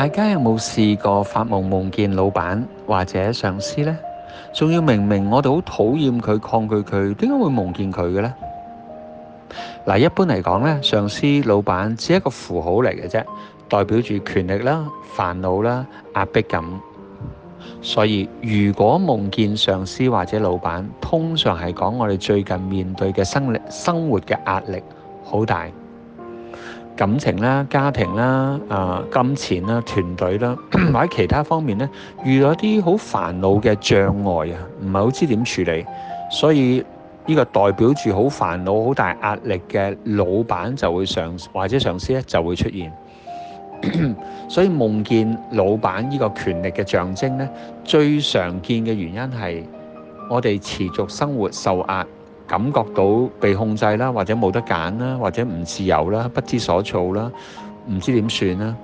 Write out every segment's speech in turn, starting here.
大家有冇試過發夢夢見老闆或者上司呢？仲要明明我哋好討厭佢，抗拒佢，點解會夢見佢嘅呢？嗱，一般嚟講呢，上司、老闆只係一個符號嚟嘅啫，代表住權力啦、煩惱啦、壓迫感。所以如果夢見上司或者老闆，通常係講我哋最近面對嘅生力、生活嘅壓力好大。感情啦、家庭啦、啊、金錢啦、團隊啦，或者其他方面呢，遇到一啲好煩惱嘅障礙啊，唔係好知點處理，所以呢個代表住好煩惱、好大壓力嘅老闆就會上，或者上司咧就會出現。所以夢見老闆呢個權力嘅象徵呢，最常見嘅原因係我哋持續生活受壓。感覺到被控制啦，或者冇得揀啦，或者唔自由啦，不知所措啦，唔知點算啦。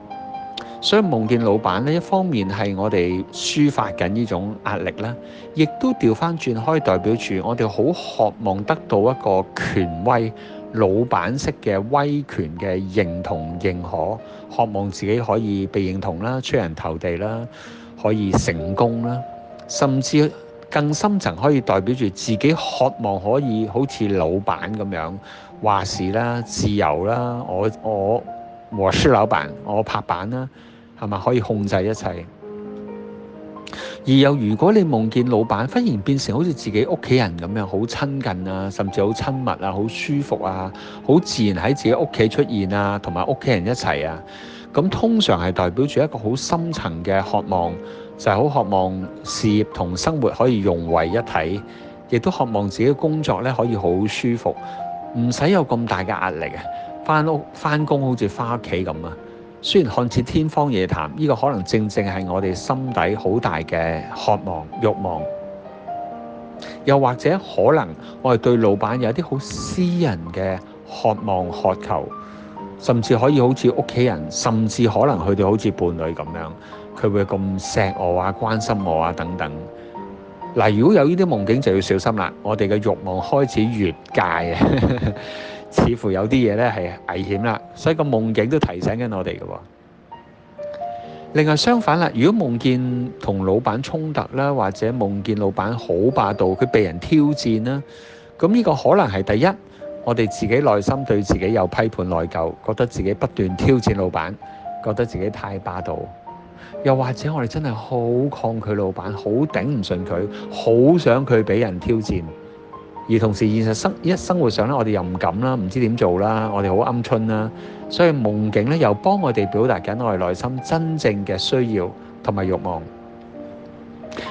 所以夢見老闆呢，一方面係我哋抒發緊呢種壓力啦，亦都調翻轉可以代表住我哋好渴望得到一個權威老闆式嘅威權嘅認同認可，渴望自己可以被認同啦，出人頭地啦，可以成功啦，甚至。更深層可以代表住自己渴望可以好似老闆咁樣話事啦，自由啦。我我和舒老闆，我拍板啦，係咪可以控制一切？而又如果你夢見老闆忽然變成好似自己屋企人咁樣，好親近啊，甚至好親密啊，好舒服啊，好自然喺自己屋企出現啊，同埋屋企人一齊啊，咁通常係代表住一個好深層嘅渴望。就係好渴望事業同生活可以融為一體，亦都渴望自己工作咧可以好舒服，唔使有咁大嘅壓力嘅，翻屋翻工好似翻屋企咁啊！雖然看似天方夜譚，呢個可能正正係我哋心底好大嘅渴望慾望，又或者可能我哋對老闆有啲好私人嘅渴望渴求。甚至可以好似屋企人，甚至可能佢哋好似伴侶咁樣，佢會咁錫我啊、關心我啊等等。嗱，如果有呢啲夢境，就要小心啦。我哋嘅欲望開始越界啊， 似乎有啲嘢咧係危險啦，所以個夢境都提醒緊我哋嘅。另外相反啦，如果夢見同老闆衝突啦，或者夢見老闆好霸道，佢被人挑戰啦，咁呢個可能係第一。我哋自己內心對自己有批判、內疚，覺得自己不斷挑戰老闆，覺得自己太霸道。又或者我哋真係好抗拒老闆，好頂唔順佢，好想佢俾人挑戰。而同時現實生一生活上咧，我哋又唔敢啦，唔知點做啦，我哋好鵪鶉啦。所以夢境咧又幫我哋表達緊我哋內心真正嘅需要同埋慾望。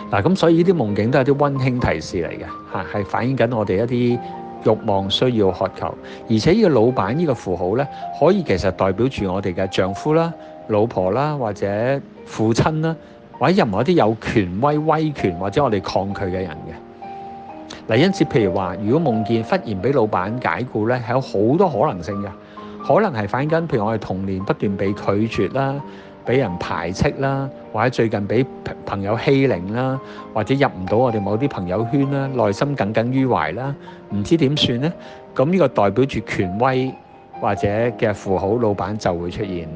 嗱咁，所以呢啲夢境都係啲溫馨提示嚟嘅嚇，係反映緊我哋一啲。欲望、需要、渴求，而且呢個老闆呢個符號呢，可以其實代表住我哋嘅丈夫啦、老婆啦，或者父親啦，或者任何一啲有權威、威權或者我哋抗拒嘅人嘅。嗱，因此譬如話，如果夢見忽然俾老闆解僱呢，係有好多可能性嘅，可能係反映緊譬如我哋童年不斷被拒絕啦。俾人排斥啦，或者最近俾朋友欺凌啦，或者入唔到我哋某啲朋友圈啦，內心耿耿於懷啦，唔知點算呢？咁、這、呢個代表住權威或者嘅符號老闆就會出現。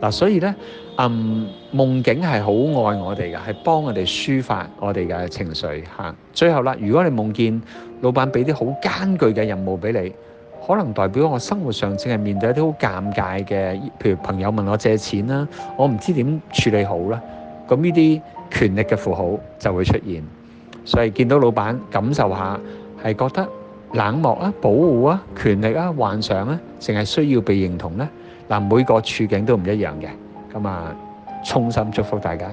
嗱、啊，所以呢，嗯，夢境係好愛我哋嘅，係幫我哋抒發我哋嘅情緒嚇、啊。最後啦，如果你夢見老闆俾啲好艱巨嘅任務俾你。可能代表我生活上淨係面對一啲好尷尬嘅，譬如朋友問我借錢啦，我唔知點處理好啦。咁呢啲權力嘅符號就會出現，所以見到老闆感受下，係覺得冷漠啊、保護啊、權力啊、幻想啊，淨係需要被認同咧。嗱，每個處境都唔一樣嘅，咁啊，衷心祝福大家。